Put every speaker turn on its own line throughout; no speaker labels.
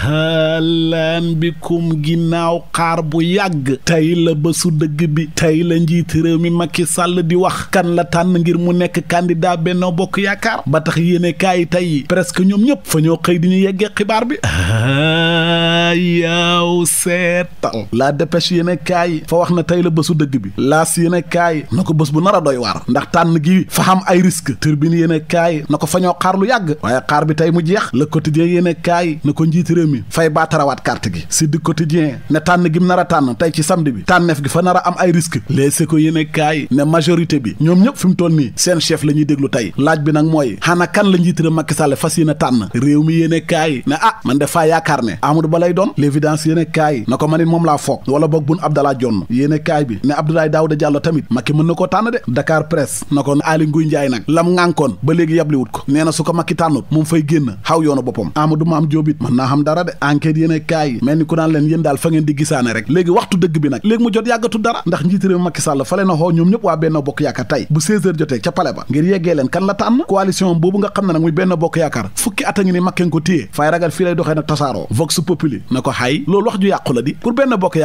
halaan bikum ginnaaw xaar bu yàgg tey la bésu dëgg bi tey la njiiti réew mi Macky sàll di wax kan la tànn ngir mu nekk candidat Benno Bokk Yaakaar ba tax yéene kaay yi tey presque ñoom ñëpp fa ñoo xëy di ñu yeggee xibaar bi yaaw seetal la dépêche yéene kaay fa wax na tey la bésu dëgg bi laas yéene kaay na ko bés bu nar a doy waar ndax tànn gi fa xam ay risque turbine yéene kaay na ko fa xaar lu yàgg waaye xaar bi tey mu jeex le quotidien yéene kaay réew mi fay baa tarawaat gi si di quotidien ne tànn gi nar a tànn tey ci samedi bi tànneef gi fa nar a am ay risque les ko yéene kaay ne majorité bi ñoom ñëpp fi mu nii seen chef la déglu tey laaj bi nag mooy xana kan la njiitara Macky Sall fas yéene tànn réew mi yéene kaay ne ah man de faa yaakaar ne Amadou man it moom laa foog wala kaay ne Abdoulaye Daouda Diallo tamit Macky mën na koo tànn de Dakar Presse na ko Aly Ngouille Ndiaye nag lam dara de enquête yéen kaay yi mel ni ku naan leen yéen daal fa di gisaane rek léegi waxtu dëgg bi nag léegi mu jot yàggatu dara ndax njiit réew Macky Sall fale na xoo ñoom ñëpp waa benn bokk yaakaar tey bu 16 jotee ca pale ba ngir yeggee leen kan la tànn coalition boobu nga xam ne nag muy benn bokk yaakaar fukki at a ngi ni Macky ko téye fay ragal fii lay doxee nag tasaaroo vox populi na ko xay loolu wax ju yàqu la di pour benn bokk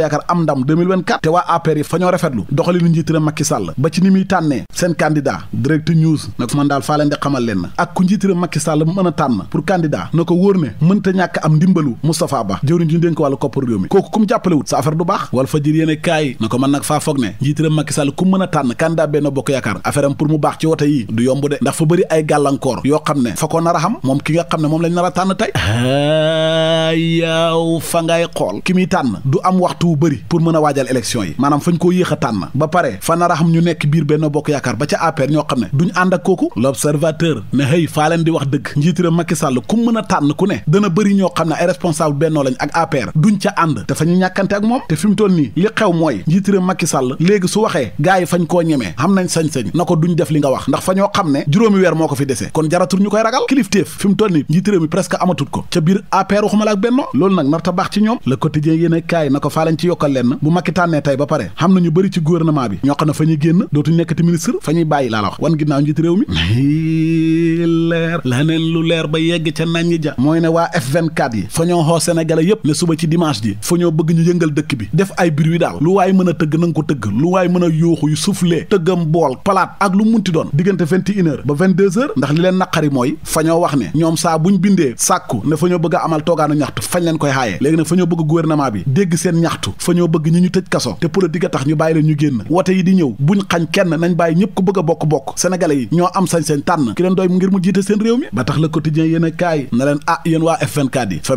yaakaar ndam te waa APR yi fa rafetlu doxalinu njiitëram Macky Sall ba ci ni tànnee seen candidat direct news nag man daal faa leen di xamal leen ak ku njiitëram Macky Sall mën a tànn pour candidat na ko wóor ne mënta ñàkk am ndimbalu Moustapha Ba jëwriñ ju ñu dénk wàllu koppar kooku ku jàppalewut sa affaire du baax wala fajir yéen e kaay na ko mën nag faa foog ne njiitëram Macky Sall ku mën a tànn candidat Benno Bokk Yaakaar affaire am mu baax ci wote yow euh, fa ngay xool ki muy tànn du am waxtu wu bari pour mën a waajal élection yi maanaam fañ koo yéex a tànn ba pare fa nar a xam ñu nekk biir benn bokk yaakaar ba ca APR ñoo xam ne duñ ànd ak kooku l'observateur ne xëy faa leen di wax dëgg njiitiram Macky Sall ku mën a tànn ku ne dana bëri ñoo xam ne ay responsable bennoo lañ ak APR duñ ca ànd te fa ñu ñàkkante ak moom te fi mu nii li xew mooy njiitiram Macky Sall léegi su waxee gars yi fañ koo xam nañ sañ na ko duñ def li nga wax ndax fa ñoo xam ne juróomi weer moo ko fi dese kon jaratul ñu koy ragal kilifteef fi mu toll nii njiitiram mi presque amatut ko benno loolu nag narta baax ci ñoom le quotidien yéene kaay na ko faa lañ ci yokkal lenn bu Macky tànnee tey ba pare xam na ñu bëri ci gouvernement bi ñoo xam ne fa ñuy génn dootuñ nekkati ministre fa ñuy bàyyi laa la wax wan ginnaaw njiit réew mi leer laneen lu leer ba yegg ca nañ ñi ja mooy ne waa F24 yi fa ñoo xoo sénégalais yépp ne suba ci dimanche ji fa ñoo bëgg ñu yëngal dëkk bi def ay bruit daal lu waaye mën a tëgg na ko tëgg lu waaye mën a yooxu yu soufflé tëggam bool palaat ak lu munti doon diggante vingt et ba vingt deux heures ndax li leen naqari mooy fa ñoo wax ne ñoom saa buñ bindee sàkku ne fa ñoo bëgg a amal toogaanu ñax ñaxtu fañ leen koy xaayee léegi nag fa ñoo bëgg gouvernement bi dégg seen ñaxtu fa ñoo bëgg ñu ñu tëj kaso tax ñu bàyyi leen ñu génn wote yi di ñëw kenn nañ bàyyi ñëpp ko bëgg bokk-bokk sénégalais yi ñoo am sañ-sañ tànn ki leen doy ngir mu jiite seen réew mi ba a kaay na leen ah yéen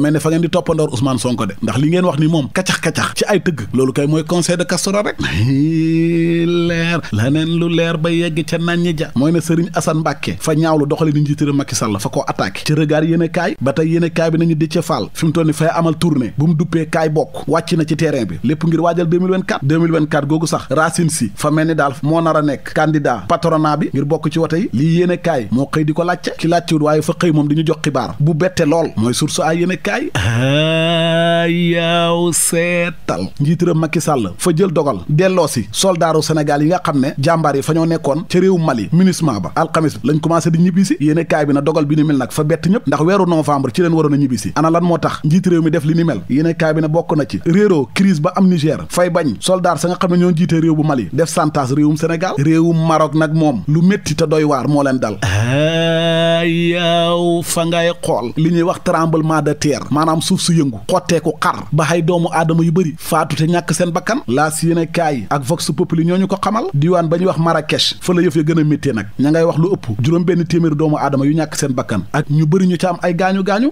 mel ne fa ngeen di toppandoor Ousmane Sonko de ndax li ngeen wax ni moom kacax-kacax ci ay tëgg loolu kay mooy conseil de Castro rek leer laneen lu leer ba yegg ca naññi ja mooy ne Serigne Assane Mbacke fa ñaawlu doxale ni njiitëra Macky la fa ko attaqué ci regard yéen a kaay ba tey yéen a kaay bi nañu Déthié Fall fi mu toll ni fay amal tournée bu mu duppee kaay bokk wàcc na ci terrain bi lépp ngir waajal 2024 2024 googu sax Racine Sy fa mel ni daal moo nar a nekk candidat patronat bi ngir bokk ci wote yi lii yéene kaay moo xëy di ko laajte ki laajtewut waaye fa xëy moom di ñu jox xibaar bu bette lool mooy source ay yéene kaay ah, yaaw seetal njiitëram Macky Sall fa jël dogal delloo si soldaaru Sénégal yi nga xam ne jàmbaar yi fa ñoo nekkoon ca réewu Mali MINUSMA ba alxamis lañ commencé di ñibbisi yéene kaay bi na dogal bi ni mel nag fa bett ñëpp ndax weeru novembre ci leen waroon a tax njiit réew mi def li ni mel yéene bi ne bokk na ci réeroo crise ba am Niger fay bañ soldaar sa nga xam ne ñoo jiite réew bu Mali def santas réewum Sénégal réewum marok nag moom lu métti te doy waar moo leen dal yaw fa ngay xool li ñuy wax tremblement de terre maanaam suuf su yëngu xotteeku xar ba xay doomu aadama yu bëri faatu te ñàkk seen bakkan laas yéene kaay ak vox populi ñoo ñu ko xamal diwaan ba ñuy wax Marrakech fa la yëf ya gën a méttee nag ña ngay wax lu ëpp juróom benn téeméeri doomu aadama yu ñàkk seen bakkan ak ñu bëri ñu ca am ay gaañu gaañu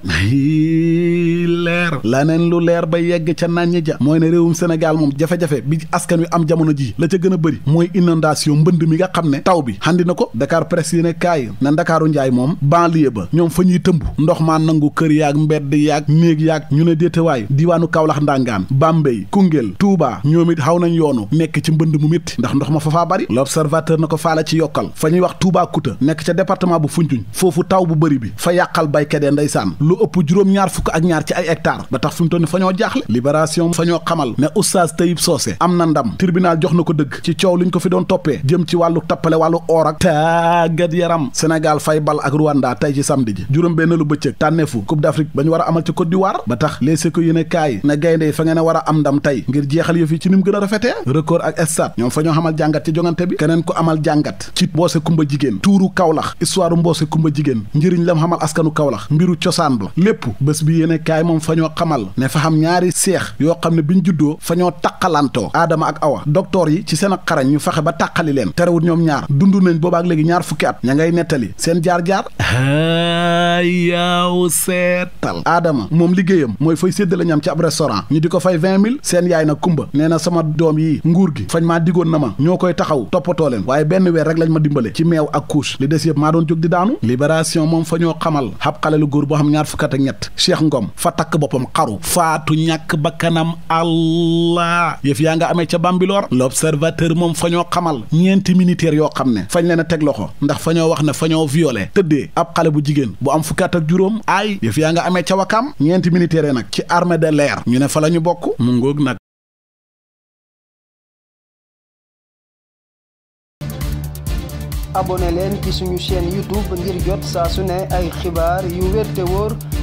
luy leer laneen lu leer ba yegg ca nàññi ja mooy ne réewum Sénégal moom jafe-jafe bi askan wi am jamono ji la ca gën a bëri mooy inondation mbënd mi nga xam ne taw bi xandi na ko Dakar presse yi ne kaay na Ndakaaru Njaay moom banlieue ba ñoom fa ñuy tëmb ndox maa nangu kër yaag mbedd yaag néeg yaag ñu ne déetewaay diiwaanu Kaolack ndangaan Bambey Koungheul Touba ñoom it xaw nañ yoonu nekk ci mbënd mu métti ndax ndox ma fa faa bari l'observateur na ko faala ci yokkal fa ñuy wax Touba nekk ca département bu Foundiougne foofu taw bu bëri bi ñaar ci ay hectare ba tax fi mu toll ni fa ñoo jaaxle libération fa ñoo xamal ne oustaz Tayib Socé am na ndam tribunal jox na ko dëgg ci coow liñ ko fi doon toppee jëm ci wàllu tappale wàllu or ak tàggat yaram Sénégal fay bal ak Rwanda tey ci samedi ji juróom benn lu bëccëg tànneefu Coupe d'Afrique ba ñu war a amal ci Côte d'Ivoire ba tax les secours yéen kaay na gaynde yi fa ngeen a war a am ndam tey ngir jeexal yëf yi ci ni mu gën rafetee record ak stade ñoom fa ñoo xamal jàngat ci jongante bi keneen ko amal jàngat ci kumba jigéen tuuru kawlax histoire mboose kumba jigéen njëriñ lam xamal askanu kawlax mbiru cosaan kaay moom fa ñoo xamal ne fa xam ñaari seex yoo xam ne bi ñu juddoo fa ñoo taqalantoo aadama ak awa docteur yi ci seen xarañ ñu fexe ba tàqali leen terewut ñoom ñaar dund nañ ak léegi ñaar fukki at ña ngay nettali seen jaar-jaar yaaw seetal aadama moom liggéeyam mooy fay séddale ñam ci ab restaurant ñu di ko fay vingt mille seen yaay na kumba nee na sama doom yi nguur gi fañ maa digoon na ma ñoo koy taxaw toppatoo leen waaye benn weer rek lañ ma dimbale ci meew ak couche li des yëpp maa daanu libération moom fa ñoo xamal xab xale góor boo xam ñaar fukki ak ñett Cheikh Ngom fa takk boppam xaru faatu ñàkk bakkanam allah yëf yaa nga amee ca Bambilor l'observateur moom fa ñoo xamal ñeenti militaire yoo xam ne fañ leen a teg loxo ndax fa ñoo wax na fañoo ñoo violé ab xale bu jigéen bu am fukkaat ak juróom aay yëf yaa nga amee ca Wakam ñeenti militaire yi nag ci armée de l'air ñu ne fa la ñu bokk mu ngoog nag abonné leen ci suñu chaîne youtube ngir jot saa su ne ay xibaar yu wér wóor